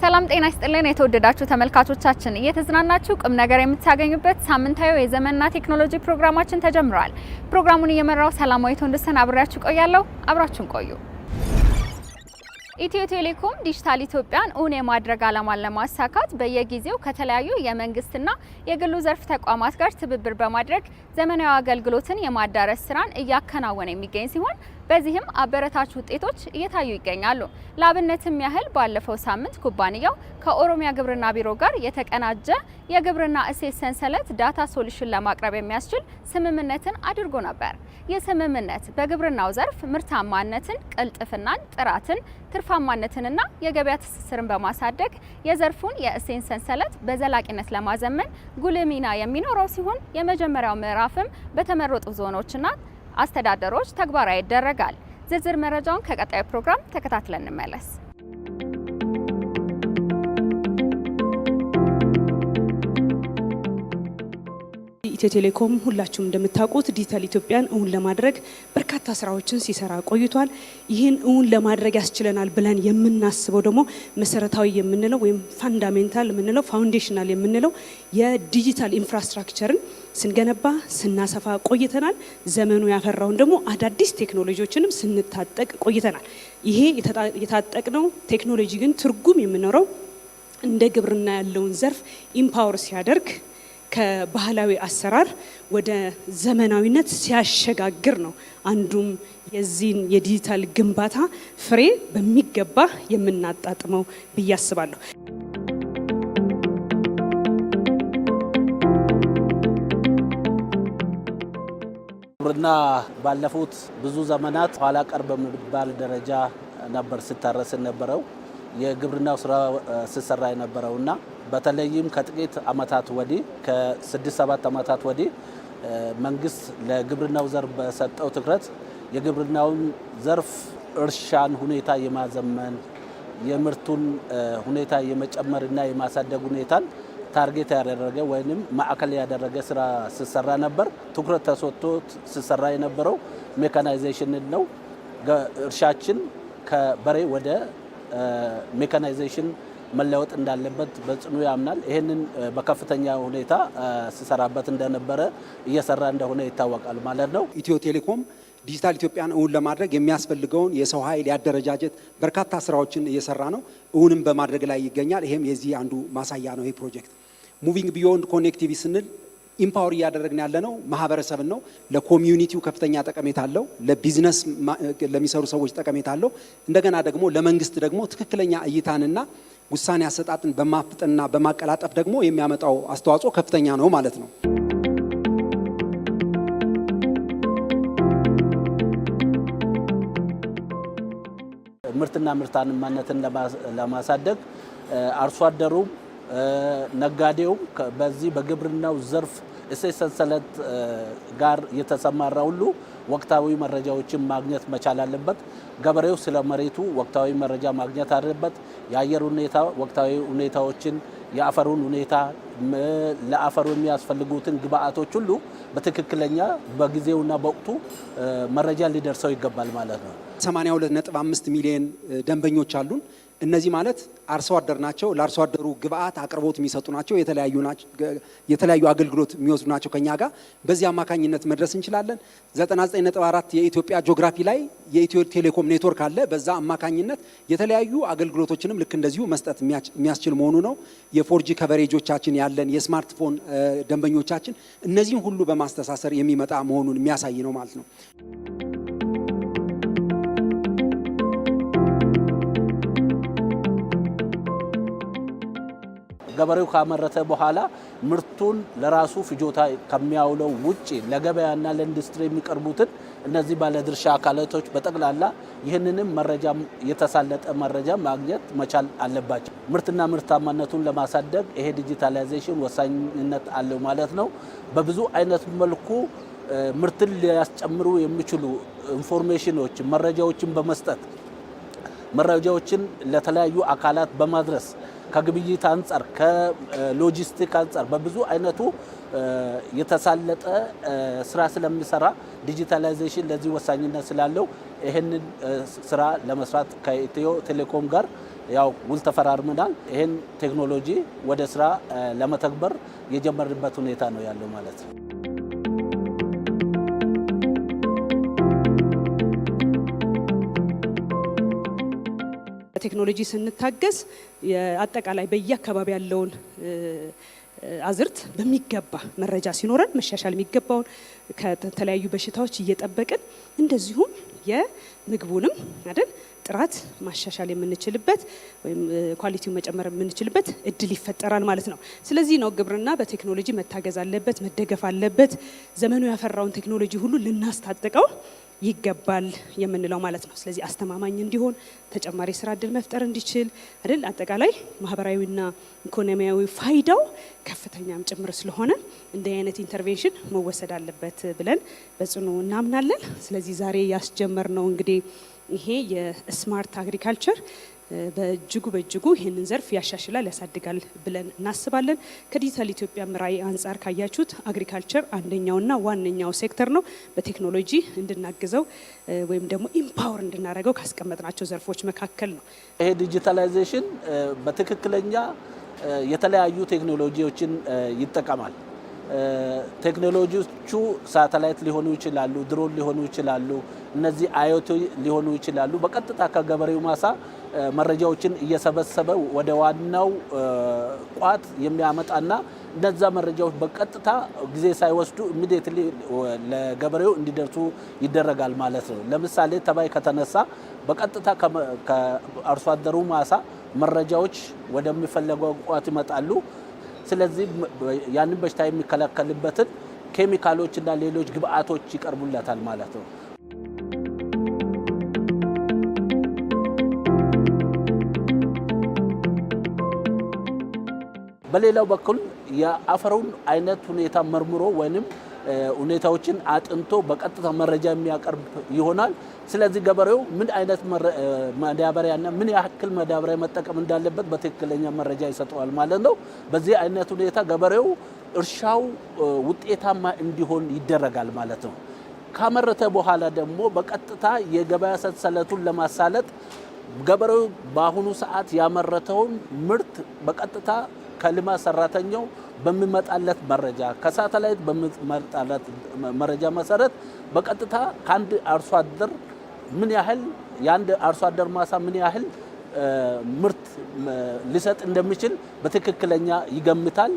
ሰላም ጤና ይስጥልን የተወደዳችሁ ተመልካቾቻችን፣ እየተዝናናችሁ ቁም ነገር የምታገኙበት ሳምንታዊ የዘመንና ቴክኖሎጂ ፕሮግራማችን ተጀምሯል። ፕሮግራሙን እየመራው ሰላማዊት ወንድሰን አብሬያችሁ ቆያለሁ። አብራችሁን ቆዩ። ኢትዮ ቴሌኮም ዲጂታል ኢትዮጵያን እውን የማድረግ ዓላማን ለማሳካት በየጊዜው ከተለያዩ የመንግስትና የግሉ ዘርፍ ተቋማት ጋር ትብብር በማድረግ ዘመናዊ አገልግሎትን የማዳረስ ስራን እያከናወነ የሚገኝ ሲሆን በዚህም አበረታች ውጤቶች እየታዩ ይገኛሉ። ለአብነትም ያህል ባለፈው ሳምንት ኩባንያው ከኦሮሚያ ግብርና ቢሮ ጋር የተቀናጀ የግብርና እሴት ሰንሰለት ዳታ ሶሉሽን ለማቅረብ የሚያስችል ስምምነትን አድርጎ ነበር። ይህ ስምምነት በግብርናው ዘርፍ ምርታማነትን፣ ቅልጥፍናን፣ ጥራትን፣ ትርፋማነትንና የገበያ ትስስርን በማሳደግ የዘርፉን የእሴት ሰንሰለት በዘላቂነት ለማዘመን ጉልህ ሚና የሚኖረው ሲሆን የመጀመሪያው ምዕራፍም በተመረጡ ዞኖችና አስተዳደሮች ተግባራዊ ይደረጋል። ዝርዝር መረጃውን ከቀጣዩ ፕሮግራም ተከታትለን እንመለስ። ኢትዮ ቴሌኮም ሁላችሁም እንደምታውቁት ዲጂታል ኢትዮጵያን እውን ለማድረግ በርካታ ስራዎችን ሲሰራ ቆይቷል። ይህን እውን ለማድረግ ያስችለናል ብለን የምናስበው ደግሞ መሰረታዊ የምንለው ወይም ፋንዳሜንታል የምንለው ፋውንዴሽናል የምንለው የዲጂታል ኢንፍራስትራክቸርን ስንገነባ ስናሰፋ ቆይተናል። ዘመኑ ያፈራውን ደግሞ አዳዲስ ቴክኖሎጂዎችንም ስንታጠቅ ቆይተናል። ይሄ የታጠቅነው ቴክኖሎጂ ግን ትርጉም የምኖረው እንደ ግብርና ያለውን ዘርፍ ኢምፓወር ሲያደርግ ከባህላዊ አሰራር ወደ ዘመናዊነት ሲያሸጋግር ነው። አንዱም የዚህን የዲጂታል ግንባታ ፍሬ በሚገባ የምናጣጥመው ብዬ አስባለሁ። ግብርና ባለፉት ብዙ ዘመናት ኋላ ቀር በሚባል ደረጃ ነበር ስታረስ የነበረው የግብርናው ስራ ስሰራ የነበረው እና በተለይም ከጥቂት አመታት ወዲህ ከስድስት ሰባት ዓመታት ወዲህ መንግስት ለግብርናው ዘርፍ በሰጠው ትኩረት የግብርናውን ዘርፍ እርሻን ሁኔታ የማዘመን የምርቱን ሁኔታ የመጨመርና የማሳደግ ሁኔታን ታርጌት ያደረገ ወይም ማዕከል ያደረገ ስራ ሲሰራ ነበር። ትኩረት ተሰጥቶ ሲሰራ የነበረው ሜካናይዜሽን ነው። እርሻችን ከበሬ ወደ ሜካናይዜሽን መለወጥ እንዳለበት በጽኑ ያምናል። ይህንን በከፍተኛ ሁኔታ ሲሰራበት እንደነበረ እየሰራ እንደሆነ ይታወቃል ማለት ነው። ኢትዮ ቴሌኮም ዲጂታል ኢትዮጵያን እውን ለማድረግ የሚያስፈልገውን የሰው ኃይል ያደረጃጀት በርካታ ስራዎችን እየሰራ ነው፣ እውንም በማድረግ ላይ ይገኛል። ይሄም የዚህ አንዱ ማሳያ ነው ይህ ፕሮጀክት ሙቪንግ ቢዮንድ ኮኔክቲቪ ስንል ኢምፓወር እያደረግን ያለ ነው ማህበረሰብን ነው። ለኮሚዩኒቲው ከፍተኛ ጠቀሜታ አለው። ለቢዝነስ ለሚሰሩ ሰዎች ጠቀሜታ አለው። እንደገና ደግሞ ለመንግስት ደግሞ ትክክለኛ እይታንና ውሳኔ አሰጣጥን በማፍጠንና በማቀላጠፍ ደግሞ የሚያመጣው አስተዋጽኦ ከፍተኛ ነው ማለት ነው። ምርትና ምርታማነትን ለማሳደግ አርሶ አደሩም። ነጋዴውም በዚህ በግብርናው ዘርፍ እሴት ሰንሰለት ጋር የተሰማራ ሁሉ ወቅታዊ መረጃዎችን ማግኘት መቻል አለበት። ገበሬው ስለ መሬቱ ወቅታዊ መረጃ ማግኘት አለበት። የአየር ሁኔታ ወቅታዊ ሁኔታዎችን፣ የአፈሩን ሁኔታ፣ ለአፈሩ የሚያስፈልጉትን ግብአቶች ሁሉ በትክክለኛ በጊዜውና በወቅቱ መረጃ ሊደርሰው ይገባል ማለት ነው። 82.5 ሚሊዮን ደንበኞች አሉን። እነዚህ ማለት አርሶ አደር ናቸው። ለአርሶ አደሩ ግብአት አቅርቦት የሚሰጡ ናቸው። የተለያዩ አገልግሎት የሚወስዱ ናቸው ከኛ ጋር በዚህ አማካኝነት መድረስ እንችላለን። 99.4 የኢትዮጵያ ጂኦግራፊ ላይ የኢትዮ ቴሌኮም ኔትወርክ አለ። በዛ አማካኝነት የተለያዩ አገልግሎቶችንም ልክ እንደዚሁ መስጠት የሚያስችል መሆኑ ነው። የፎርጂ ከቨሬጆቻችን ያለን የስማርትፎን ደንበኞቻችን እነዚህን ሁሉ በማስተሳሰር የሚመጣ መሆኑን የሚያሳይ ነው ማለት ነው። ገበሬው ካመረተ በኋላ ምርቱን ለራሱ ፍጆታ ከሚያውለው ውጭ ለገበያና ለኢንዱስትሪ የሚቀርቡትን እነዚህ ባለድርሻ አካላቶች በጠቅላላ ይህንንም መረጃ የተሳለጠ መረጃ ማግኘት መቻል አለባቸው። ምርትና ምርታማነቱን ለማሳደግ ይሄ ዲጂታላይዜሽን ወሳኝነት አለው ማለት ነው። በብዙ አይነት መልኩ ምርትን ሊያስጨምሩ የሚችሉ ኢንፎርሜሽኖች መረጃዎችን በመስጠት መረጃዎችን ለተለያዩ አካላት በማድረስ ከግብይት አንጻር ከሎጂስቲክ አንጻር በብዙ አይነቱ የተሳለጠ ስራ ስለሚሰራ ዲጂታላይዜሽን ለዚህ ወሳኝነት ስላለው ይህንን ስራ ለመስራት ከኢትዮ ቴሌኮም ጋር ያው ውል ተፈራርመናል። ይህን ቴክኖሎጂ ወደ ስራ ለመተግበር የጀመርንበት ሁኔታ ነው ያለው ማለት ነው። በቴክኖሎጂ ስንታገዝ አጠቃላይ በየአካባቢ ያለውን አዝርት በሚገባ መረጃ ሲኖረን መሻሻል የሚገባውን ከተለያዩ በሽታዎች እየጠበቅን እንደዚሁም የምግቡንም አይደል ጥራት ማሻሻል የምንችልበት ወይም ኳሊቲውን መጨመር የምንችልበት እድል ይፈጠራል ማለት ነው። ስለዚህ ነው ግብርና በቴክኖሎጂ መታገዝ አለበት፣ መደገፍ አለበት፣ ዘመኑ ያፈራውን ቴክኖሎጂ ሁሉ ልናስታጥቀው ይገባል የምንለው ማለት ነው። ስለዚህ አስተማማኝ እንዲሆን ተጨማሪ ስራ እድል መፍጠር እንዲችል አይደል፣ አጠቃላይ ማህበራዊና ኢኮኖሚያዊ ፋይዳው ከፍተኛም ጭምር ስለሆነ እንዲህ አይነት ኢንተርቬንሽን መወሰድ አለበት ብለን በጽኑ እናምናለን። ስለዚህ ዛሬ ያስጀመር ነው እንግዲህ ይሄ የስማርት አግሪካልቸር በእጅጉ በእጅጉ ይህንን ዘርፍ ያሻሽላል፣ ያሳድጋል ብለን እናስባለን። ከዲጂታል ኢትዮጵያ ራዕይ አንጻር ካያችሁት አግሪካልቸር አንደኛውና ዋነኛው ሴክተር ነው። በቴክኖሎጂ እንድናግዘው ወይም ደግሞ ኢምፓወር እንድናደርገው ካስቀመጥናቸው ዘርፎች መካከል ነው። ይሄ ዲጂታላይዜሽን በትክክለኛ የተለያዩ ቴክኖሎጂዎችን ይጠቀማል። ቴክኖሎጂዎቹ ሳተላይት ሊሆኑ ይችላሉ፣ ድሮን ሊሆኑ ይችላሉ፣ እነዚህ አዮቲ ሊሆኑ ይችላሉ። በቀጥታ ከገበሬው ማሳ መረጃዎችን እየሰበሰበ ወደ ዋናው ቋት የሚያመጣና እነዛ መረጃዎች በቀጥታ ጊዜ ሳይወስዱ ኢሚዲየትሊ ለገበሬው እንዲደርሱ ይደረጋል ማለት ነው። ለምሳሌ ተባይ ከተነሳ በቀጥታ ከአርሶ አደሩ ማሳ መረጃዎች ወደሚፈለገው ቋት ይመጣሉ። ስለዚህ ያንን በሽታ የሚከላከልበትን ኬሚካሎች እና ሌሎች ግብአቶች ይቀርቡለታል ማለት ነው። በሌላው በኩል የአፈሩን አይነት ሁኔታ መርምሮ ወይንም ሁኔታዎችን አጥንቶ በቀጥታ መረጃ የሚያቀርብ ይሆናል። ስለዚህ ገበሬው ምን አይነት ማዳበሪያና ምን ያክል መዳበሪያ መጠቀም እንዳለበት በትክክለኛ መረጃ ይሰጠዋል ማለት ነው። በዚህ አይነት ሁኔታ ገበሬው እርሻው ውጤታማ እንዲሆን ይደረጋል ማለት ነው። ካመረተ በኋላ ደግሞ በቀጥታ የገበያ ሰንሰለቱን ለማሳለጥ ገበሬው በአሁኑ ሰዓት ያመረተውን ምርት በቀጥታ ከልማት ሰራተኛው በሚመጣለት መረጃ ከሳተላይት በሚመጣለት መረጃ መሰረት በቀጥታ ከአንድ አርሶ አደር ምን ያህል የአንድ አርሶ አደር ማሳ ምን ያህል ምርት ሊሰጥ እንደሚችል በትክክለኛ ይገምታል።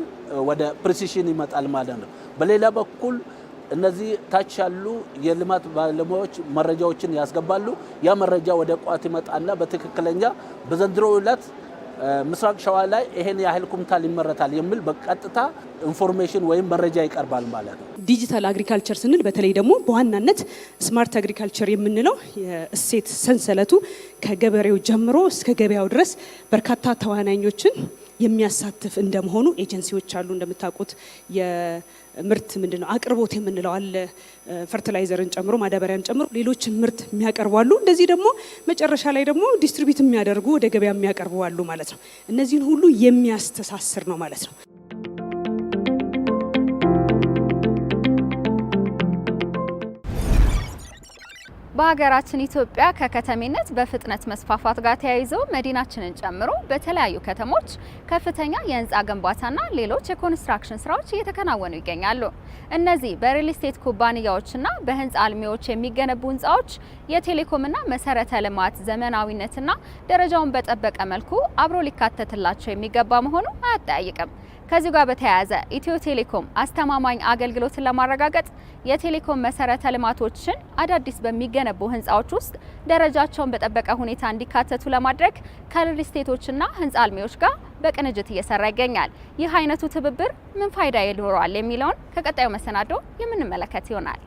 ወደ ፕሪሲሽን ይመጣል ማለት ነው። በሌላ በኩል እነዚህ ታች ያሉ የልማት ባለሙያዎች መረጃዎችን ያስገባሉ። ያ መረጃ ወደ ቋት ይመጣና በትክክለኛ በዘንድሮ ዕለት ምስራቅ ሸዋ ላይ ይሄን ያህል ኩንታል ይመረታል የሚል በቀጥታ ኢንፎርሜሽን ወይም መረጃ ይቀርባል ማለት ነው። ዲጂታል አግሪካልቸር ስንል በተለይ ደግሞ በዋናነት ስማርት አግሪካልቸር የምንለው የእሴት ሰንሰለቱ ከገበሬው ጀምሮ እስከ ገበያው ድረስ በርካታ ተዋናኞችን የሚያሳትፍ እንደመሆኑ ኤጀንሲዎች አሉ። እንደምታውቁት የምርት ምንድነው አቅርቦት የምንለው አለ። ፈርቲላይዘርን ጨምሮ ማዳበሪያን ጨምሮ ሌሎችን ምርት የሚያቀርቡ አሉ። እንደዚህ ደግሞ መጨረሻ ላይ ደግሞ ዲስትሪቢዩት የሚያደርጉ ወደ ገበያ የሚያቀርቡ አሉ ማለት ነው። እነዚህን ሁሉ የሚያስተሳስር ነው ማለት ነው። በሀገራችን ኢትዮጵያ ከከተሜነት በፍጥነት መስፋፋት ጋር ተያይዞ መዲናችንን ጨምሮ በተለያዩ ከተሞች ከፍተኛ የህንፃ ግንባታና ሌሎች የኮንስትራክሽን ስራዎች እየተከናወኑ ይገኛሉ። እነዚህ በሪል ስቴት ኩባንያዎችና በህንፃ አልሚዎች የሚገነቡ ህንፃዎች የቴሌኮምና መሰረተ ልማት ዘመናዊነትና ደረጃውን በጠበቀ መልኩ አብሮ ሊካተትላቸው የሚገባ መሆኑ አያጠያይቅም። ከዚሁ ጋር በተያያዘ ኢትዮ ቴሌኮም አስተማማኝ አገልግሎትን ለማረጋገጥ የቴሌኮም መሰረተ ልማቶችን አዳዲስ በሚገነቡ ህንፃዎች ውስጥ ደረጃቸውን በጠበቀ ሁኔታ እንዲካተቱ ለማድረግ ከሪል ስቴቶችና ህንፃ አልሚዎች ጋር በቅንጅት እየሰራ ይገኛል። ይህ አይነቱ ትብብር ምን ፋይዳ ይኖረዋል የሚለውን ከቀጣዩ መሰናዶ የምንመለከት ይሆናል።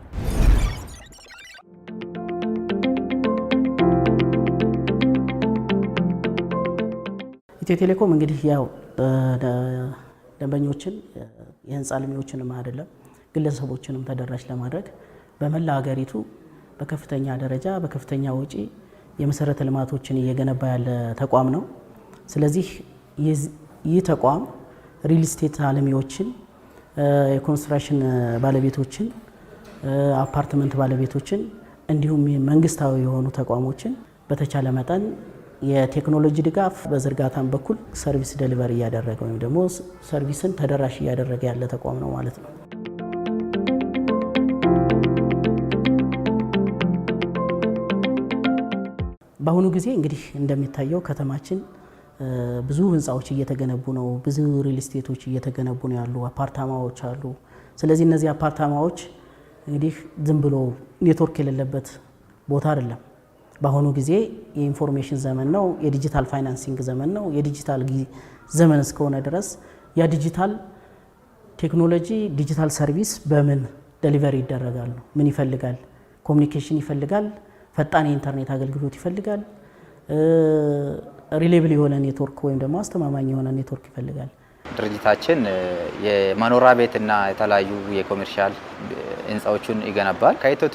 ኢትዮ ቴሌኮም እንግዲህ ያው ደንበኞችን የህንፃ አልሚዎችንም አይደለም ግለሰቦችንም ተደራሽ ለማድረግ በመላ ሀገሪቱ በከፍተኛ ደረጃ በከፍተኛ ወጪ የመሰረተ ልማቶችን እየገነባ ያለ ተቋም ነው። ስለዚህ ይህ ተቋም ሪል ስቴት አልሚዎችን፣ የኮንስትራክሽን ባለቤቶችን፣ አፓርትመንት ባለቤቶችን እንዲሁም መንግስታዊ የሆኑ ተቋሞችን በተቻለ መጠን የቴክኖሎጂ ድጋፍ በዝርጋታም በኩል ሰርቪስ ደሊቨሪ እያደረገ ወይም ደግሞ ሰርቪስን ተደራሽ እያደረገ ያለ ተቋም ነው ማለት ነው። በአሁኑ ጊዜ እንግዲህ እንደሚታየው ከተማችን ብዙ ህንፃዎች እየተገነቡ ነው። ብዙ ሪል ስቴቶች እየተገነቡ ነው ያሉ አፓርታማዎች አሉ። ስለዚህ እነዚህ አፓርታማዎች እንግዲህ ዝም ብሎ ኔትወርክ የሌለበት ቦታ አይደለም። በአሁኑ ጊዜ የኢንፎርሜሽን ዘመን ነው። የዲጂታል ፋይናንሲንግ ዘመን ነው። የዲጂታል ዘመን እስከሆነ ድረስ ያ ዲጂታል ቴክኖሎጂ ዲጂታል ሰርቪስ በምን ደሊቨሪ ይደረጋሉ? ምን ይፈልጋል? ኮሚኒኬሽን ይፈልጋል። ፈጣን የኢንተርኔት አገልግሎት ይፈልጋል። ሪሌብል የሆነ ኔትወርክ ወይም ደግሞ አስተማማኝ የሆነ ኔትወርክ ይፈልጋል። ድርጅታችን የመኖሪያ ቤትና የተለያዩ የኮሜርሻል ህንፃዎችን ይገነባል። ከኢትዮ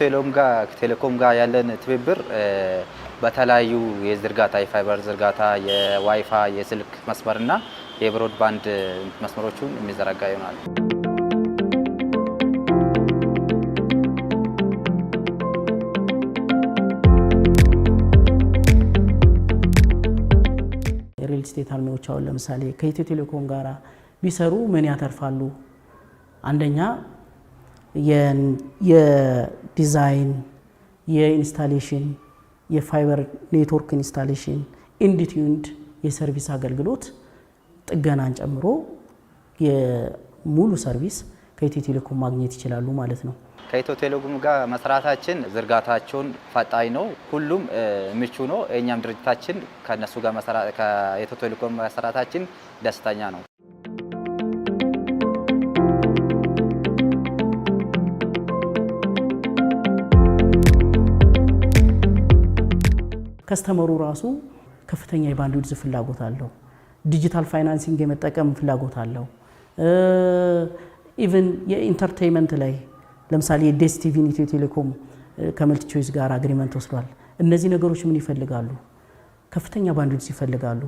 ቴሌኮም ጋር ያለን ትብብር በተለያዩ የዝርጋታ የፋይበር ዝርጋታ፣ የዋይፋ፣ የስልክ መስመርና የብሮድባንድ መስመሮቹን የሚዘረጋ ይሆናል። ስቴት አርሚዎች አሁን ለምሳሌ ከኢትዮ ቴሌኮም ጋር ቢሰሩ ምን ያተርፋሉ? አንደኛ የዲዛይን፣ የኢንስታሌሽን፣ የፋይበር ኔትወርክ ኢንስታሌሽን ኢንዲቲዩንድ የሰርቪስ አገልግሎት ጥገናን ጨምሮ የሙሉ ሰርቪስ ከኢትዮ ቴሌኮም ማግኘት ይችላሉ ማለት ነው። ከኢትዮ ቴሌኮም ጋር መስራታችን ዝርጋታቸውን ፈጣኝ ነው፣ ሁሉም ምቹ ነው። እኛም ድርጅታችን ከነሱ ጋር ከኢትዮ ቴሌኮም መስራታችን ደስተኛ ነው። ከስተመሩ ራሱ ከፍተኛ የባንድዊድዝ ፍላጎት አለው። ዲጂታል ፋይናንሲንግ የመጠቀም ፍላጎት አለው። ኢቨን የኢንተርቴይመንት ላይ ለምሳሌ የዴስቲቪን ኢትዮ ቴሌኮም ከመልቲ ቾይስ ጋር አግሪመንት ወስዷል። እነዚህ ነገሮች ምን ይፈልጋሉ? ከፍተኛ ባንድዊድስ ይፈልጋሉ።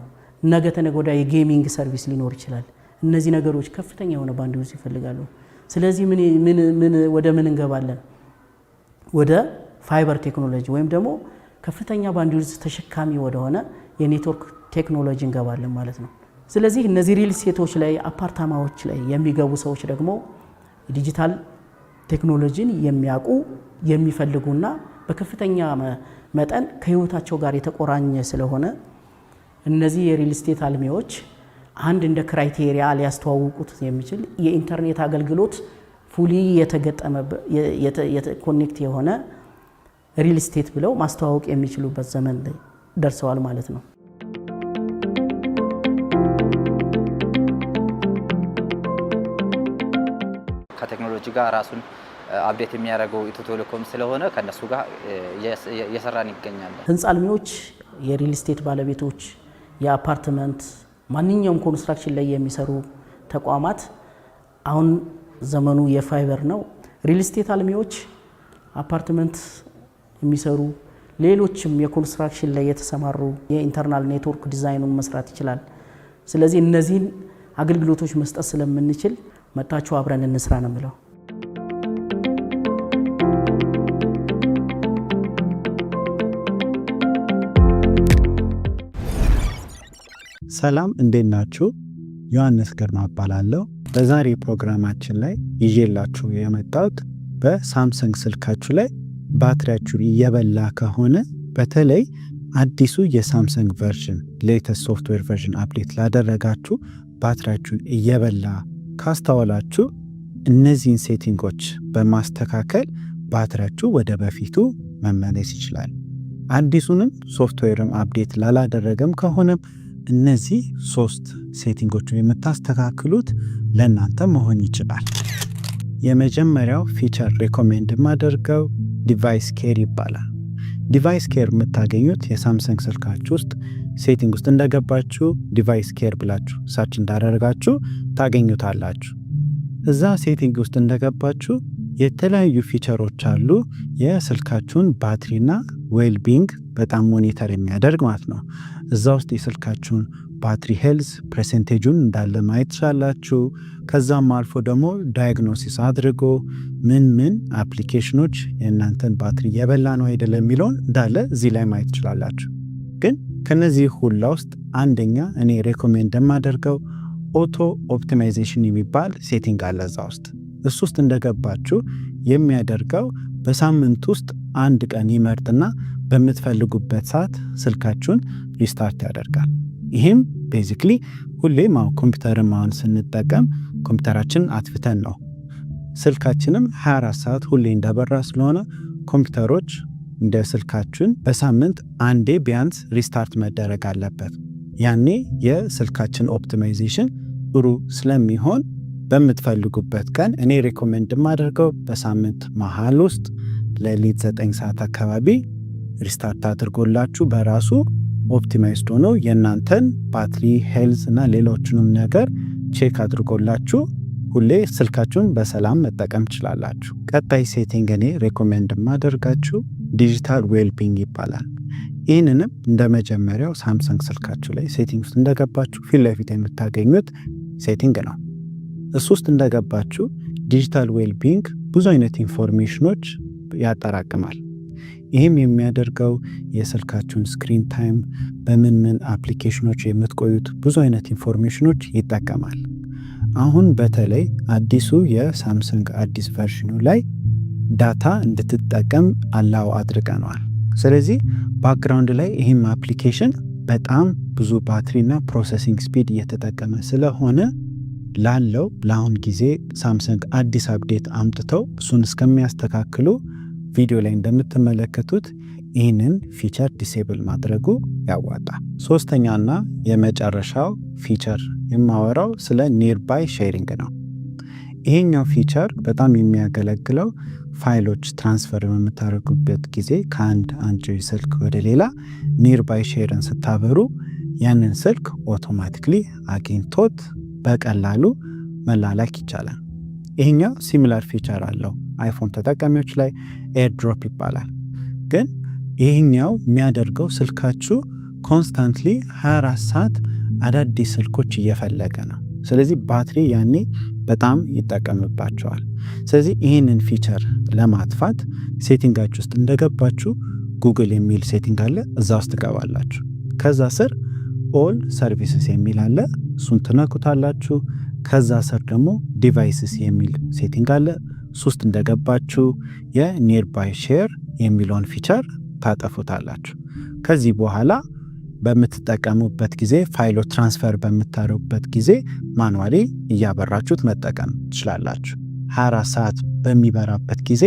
ነገ ተነገ ወዲያ የጌሚንግ ሰርቪስ ሊኖር ይችላል። እነዚህ ነገሮች ከፍተኛ የሆነ ባንድዊድስ ይፈልጋሉ። ስለዚህ ወደ ምን እንገባለን? ወደ ፋይበር ቴክኖሎጂ ወይም ደግሞ ከፍተኛ ባንድዊድስ ተሸካሚ ወደሆነ የኔትወርክ ቴክኖሎጂ እንገባለን ማለት ነው። ስለዚህ እነዚህ ሪል ሴቶች ላይ አፓርታማዎች ላይ የሚገቡ ሰዎች ደግሞ ዲጂታል ቴክኖሎጂን የሚያውቁ የሚፈልጉና በከፍተኛ መጠን ከህይወታቸው ጋር የተቆራኘ ስለሆነ እነዚህ የሪል ስቴት አልሚዎች አንድ እንደ ክራይቴሪያ ሊያስተዋውቁት የሚችል የኢንተርኔት አገልግሎት ፉሊ የተገጠመ ኮኔክት የሆነ ሪል ስቴት ብለው ማስተዋወቅ የሚችሉበት ዘመን ደርሰዋል ማለት ነው። ከቴክኖሎጂ ጋር ራሱን አብዴት የሚያደርገው ኢትዮ ቴሌኮም ስለሆነ ከነሱ ጋር እየሰራን ይገኛለን። ህንፃ አልሚዎች፣ የሪል ስቴት ባለቤቶች፣ የአፓርትመንት ማንኛውም ኮንስትራክሽን ላይ የሚሰሩ ተቋማት አሁን ዘመኑ የፋይበር ነው። ሪል ስቴት አልሚዎች፣ አፓርትመንት የሚሰሩ ሌሎችም የኮንስትራክሽን ላይ የተሰማሩ የኢንተርናል ኔትወርክ ዲዛይኑን መስራት ይችላል። ስለዚህ እነዚህን አገልግሎቶች መስጠት ስለምንችል መጣችሁ አብረን እንስራ ነው የምለው። ሰላም እንዴት ናችሁ? ዮሐንስ ግርማ እባላለሁ። በዛሬ ፕሮግራማችን ላይ ይዤላችሁ የመጣሁት በሳምሰንግ ስልካችሁ ላይ ባትሪያችሁ እየበላ ከሆነ በተለይ አዲሱ የሳምሰንግ ቨርዥን ሌተስት ሶፍትዌር ቨርዥን አፕዴት ላደረጋችሁ ባትሪያችሁን እየበላ ካስተዋላችሁ እነዚህን ሴቲንጎች በማስተካከል ባትሪያችሁ ወደ በፊቱ መመለስ ይችላል። አዲሱንም ሶፍትዌርም አፕዴት ላላደረገም ከሆነም እነዚህ ሶስት ሴቲንጎች የምታስተካክሉት ለእናንተ መሆን ይችላል። የመጀመሪያው ፊቸር ሪኮሜንድ የማደርገው ዲቫይስ ኬር ይባላል። ዲቫይስ ኬር የምታገኙት የሳምሰንግ ስልካች ውስጥ ሴቲንግ ውስጥ እንደገባችሁ ዲቫይስ ኬር ብላችሁ ሳች እንዳደረጋችሁ ታገኙታላችሁ። እዛ ሴቲንግ ውስጥ እንደገባችሁ የተለያዩ ፊቸሮች አሉ። የስልካችሁን ባትሪና ዌልቢንግ በጣም ሞኒተር የሚያደርግ ማለት ነው። እዛ ውስጥ የስልካችሁን ባትሪ ሄልዝ ፐርሰንቴጁን እንዳለ ማየት ትችላላችሁ። ከዛም አልፎ ደግሞ ዳያግኖሲስ አድርጎ ምን ምን አፕሊኬሽኖች የእናንተን ባትሪ የበላ ነው አይደለም የሚለውን እንዳለ እዚህ ላይ ማየት ትችላላችሁ ግን ከነዚህ ሁላ ውስጥ አንደኛ እኔ ሬኮሜንድ የማደርገው ኦቶ ኦፕቲማይዜሽን የሚባል ሴቲንግ አለ እዛ ውስጥ። እሱ ውስጥ እንደገባችሁ የሚያደርገው በሳምንት ውስጥ አንድ ቀን ይመርጥና በምትፈልጉበት ሰዓት ስልካችሁን ሪስታርት ያደርጋል። ይህም ቤዚክሊ ሁሌም አሁን ኮምፒውተር ማሆን ስንጠቀም ኮምፒውተራችን አትፍተን ነው። ስልካችንም 24 ሰዓት ሁሌ እንደበራ ስለሆነ ኮምፒውተሮች እንደ ስልካችን በሳምንት አንዴ ቢያንስ ሪስታርት መደረግ አለበት። ያኔ የስልካችን ኦፕቲማይዜሽን ጥሩ ስለሚሆን በምትፈልጉበት ቀን እኔ ሬኮመንድ የማደርገው በሳምንት መሃል ውስጥ ሌሊት 9 ሰዓት አካባቢ ሪስታርት አድርጎላችሁ በራሱ ኦፕቲማይዝድ ሆኖ የእናንተን ባትሪ ሄልዝ እና ሌሎችንም ነገር ቼክ አድርጎላችሁ ሁሌ ስልካችሁን በሰላም መጠቀም ትችላላችሁ። ቀጣይ ሴቲንግ እኔ ሬኮሜንድ የማደርጋችሁ ዲጂታል ዌልቢንግ ይባላል። ይህንንም እንደ መጀመሪያው ሳምሰንግ ስልካችሁ ላይ ሴቲንግ ውስጥ እንደገባችሁ ፊት ለፊት የምታገኙት ሴቲንግ ነው። እሱ ውስጥ እንደገባችሁ ዲጂታል ዌልቢንግ ብዙ አይነት ኢንፎርሜሽኖች ያጠራቅማል። ይህም የሚያደርገው የስልካችሁን ስክሪን ታይም፣ በምን ምን አፕሊኬሽኖች የምትቆዩት ብዙ አይነት ኢንፎርሜሽኖች ይጠቀማል። አሁን በተለይ አዲሱ የሳምሰንግ አዲስ ቨርሽኑ ላይ ዳታ እንድትጠቀም አላው አድርገነዋል። ስለዚህ ባክግራውንድ ላይ ይህም አፕሊኬሽን በጣም ብዙ ባትሪና ፕሮሰሲንግ ስፒድ እየተጠቀመ ስለሆነ ላለው ለአሁን ጊዜ ሳምሰንግ አዲስ አፕዴት አምጥተው እሱን እስከሚያስተካክሉ ቪዲዮ ላይ እንደምትመለከቱት ይህንን ፊቸር ዲሴብል ማድረጉ ያዋጣል። ሶስተኛና የመጨረሻው ፊቸር የማወራው ስለ ኒርባይ ሼሪንግ ነው። ይሄኛው ፊቸር በጣም የሚያገለግለው ፋይሎች ትራንስፈር በምታደርጉበት ጊዜ ከአንድ አንድ ስልክ ወደ ሌላ ኒርባይ ሼርን ስታበሩ ያንን ስልክ ኦቶማቲክሊ አግኝቶት በቀላሉ መላላክ ይቻላል። ይሄኛው ሲሚላር ፊቸር አለው አይፎን ተጠቃሚዎች ላይ ኤርድሮፕ ይባላል። ግን ይህኛው የሚያደርገው ስልካችሁ ኮንስታንትሊ 24 ሰዓት አዳዲስ ስልኮች እየፈለገ ነው። ስለዚህ ባትሪ ያኔ በጣም ይጠቀምባቸዋል። ስለዚህ ይህንን ፊቸር ለማጥፋት ሴቲንጋች ውስጥ እንደገባችሁ ጉግል የሚል ሴቲንግ አለ፣ እዛ ውስጥ ትገባላችሁ። ከዛ ስር ኦል ሰርቪስስ የሚል አለ፣ እሱን ትነኩታላችሁ። ከዛ ስር ደግሞ ዲቫይስስ የሚል ሴቲንግ አለ፣ እሱ ውስጥ እንደገባችሁ የኒርባይ ሼር የሚለውን ፊቸር ታጠፉታላችሁ። ከዚህ በኋላ በምትጠቀሙበት ጊዜ ፋይሎች ትራንስፈር በምታደርጉበት ጊዜ ማኑዋሊ እያበራችሁት መጠቀም ትችላላችሁ። 24 ሰዓት በሚበራበት ጊዜ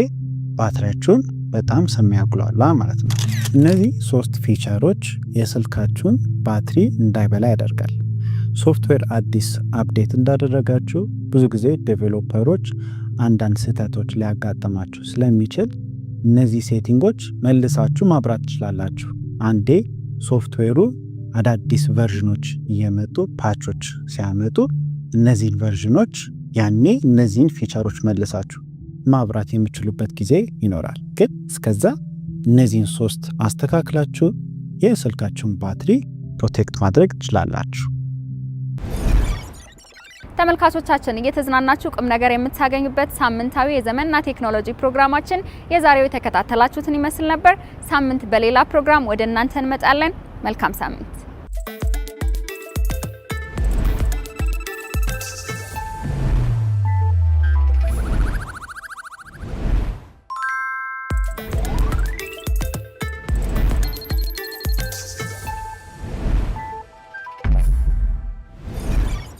ባትሪያችሁን በጣም ስለሚያጉላላ ማለት ነው። እነዚህ ሶስት ፊቸሮች የስልካችሁን ባትሪ እንዳይበላ ያደርጋል። ሶፍትዌር አዲስ አፕዴት እንዳደረጋችሁ ብዙ ጊዜ ዴቨሎፐሮች አንዳንድ ስህተቶች ሊያጋጥማችሁ ስለሚችል እነዚህ ሴቲንጎች መልሳችሁ ማብራት ትችላላችሁ። አንዴ ሶፍትዌሩ አዳዲስ ቨርዥኖች እየመጡ ፓቾች ሲያመጡ እነዚህን ቨርዥኖች ያኔ እነዚህን ፊቸሮች መልሳችሁ ማብራት የሚችሉበት ጊዜ ይኖራል። ግን እስከዛ እነዚህን ሶስት አስተካክላችሁ የስልካችሁን ባትሪ ፕሮቴክት ማድረግ ትችላላችሁ። ተመልካቾቻችን እየተዝናናችሁ ቁም ነገር የምታገኙበት ሳምንታዊ የዘመንና ቴክኖሎጂ ፕሮግራማችን የዛሬው የተከታተላችሁትን ይመስል ነበር። ሳምንት በሌላ ፕሮግራም ወደ እናንተ እንመጣለን። መልካም ሳምንት።